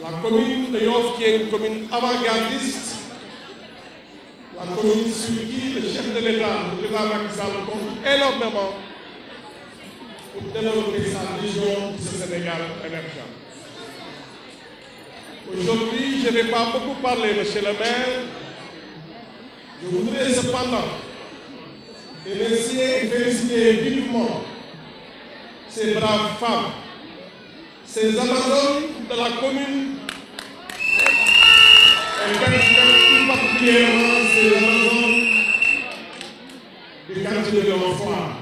La commune de Yof, qui est une commune avant-gardiste, la commune sur qui le chef de l'État, le président Maxal, compte énormément pour développer sa vision du Sénégal émergent. Aujourd'hui, je ne vais pas beaucoup parler, monsieur le maire. Je voudrais cependant remercier et féliciter vivement ces braves femmes, ces amazones de la commune, et plus particulièrement ces amazones du quartier de l'enfant.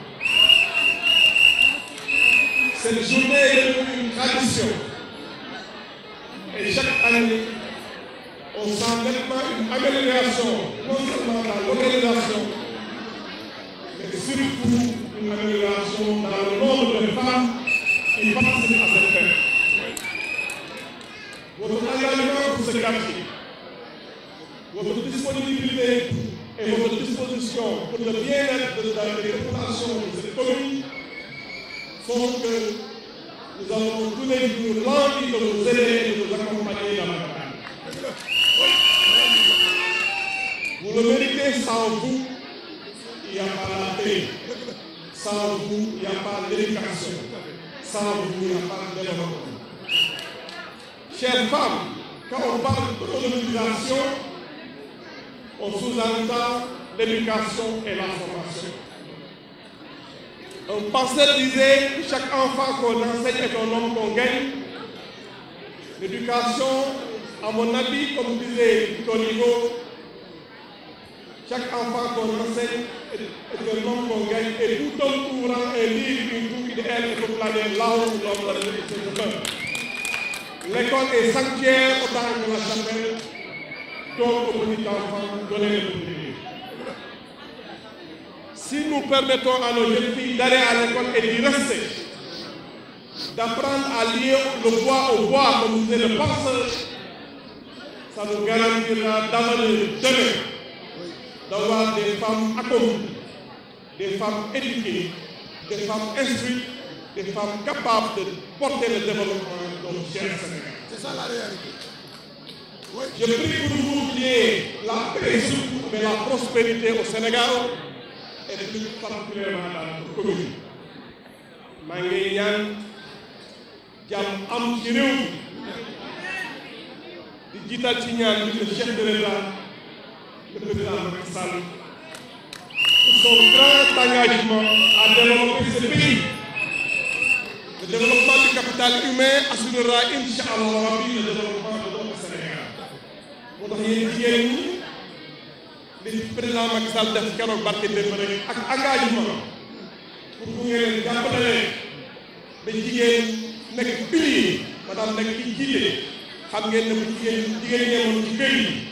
Cette journée est devenue une tradition. Et chaque année, on sent à une amélioration, non seulement dans l'organisation, pour une amélioration dans le monde de femmes qui passent à cette fête. Votre engagement pour ce quartier, votre disponibilité et votre disposition pour le bien-être de la population de cette commune sont que nous avons tous les jours l'envie de vous aider et de vous accompagner dans la campagne. Vous le méritez sans vous sans vous, il n'y a pas d'éducation. Sans vous, il n'y a pas de développement. Chères femmes, quand on parle de colonisation, on sous-entend l'éducation et la formation. Un pasteur disait chaque enfant qu'on enseigne est un homme qu'on gagne. L'éducation, à mon avis, comme disait Tonigo, chaque enfant qu'on enseigne est un homme qu'on gagne et tout homme courant et libre du tout idéal et pour planer là où l'homme l'a L'école est sanctuaire autant de la chapelle, donc aux petits enfants, donnez le Si nous permettons à nos jeunes filles d'aller à l'école et d'y rester, d'apprendre à lire le bois au bois, comme disait le penseur, ça nous garantira le demain d'avoir des femmes accomplies, des femmes éduquées, des femmes instruites, des femmes capables de porter le développement dans le chers Sénégal. C'est ça la réalité. Je prie pour vous qu'il y ait la paix et la prospérité au Sénégal et plus particulièrement dans notre commune. Je ñaan am le chef de l'État le président Macky Sall pour son grand engagement à développer ce pays. Le développement du capital humain assurera inch'Allah le développement de notre Sénégal. moo tax yéen jigéen ñi li président Macky Sall def keroog barke démb rek ak engagement pour bu ngeen jàppale ba jigéen nekk pilier maanaam nekk ci jiite xam ngeen ne bu jigéen jigéen ñeewoon ci kër yi.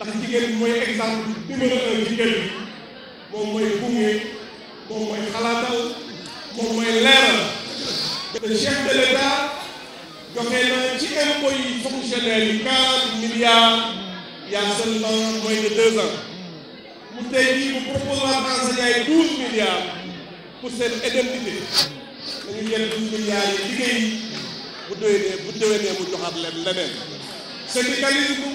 ndax jigéen mooy exemple numéro un jigéen moom mooy gunge moom mooy xalaatal moom mooy leeral le chef de l'État joxe na ci impôts yi fonctionnaires yi quinze milliards il y a seulement de deux ans mu tey jii mu proposewaat enseignants yi douze milliards pour seen indemnité dañu jël douze milliards yi liggéey bu déwénee bu déwénee mu joxaat leen leneen syndicalisme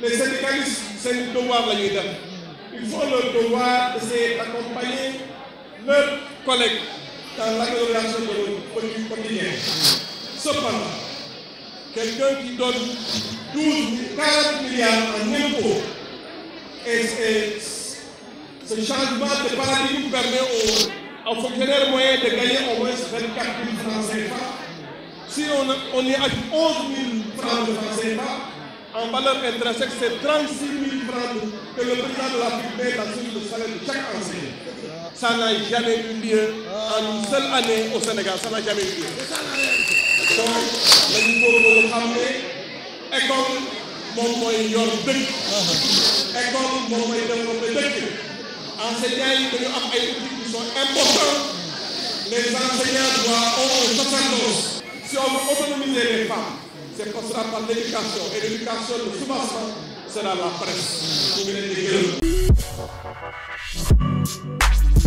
les syndicalistes, c'est le devoir la vie d'un. ils font leur devoir d'essayer d'accompagner leurs collègues dans l'agglomération de politique quotidienne cependant quelqu'un qui donne 12 40 milliards en impôts et ce changement de paradigme permet aux, fonctionnaires moyens de gagner au moins 24 000 francs CFA si on, on y ajoute 11 000 francs de francs CFA en valeur intrinsèque, c'est 36 000 francs que le président de la République met dans le salaire de chaque enseignant. Ça n'a jamais eu lieu en une seule année au Sénégal. Ça n'a jamais eu lieu. Donc, le faut de l'Assemblée, école, mon moyen de dëkk école enseignants yi qui sont importants les enseignants doivent avoir un si on veut autonomiser les femmes ce sera par l'éducation. Et l'éducation, le soubassement, sera la presse. Vous venez de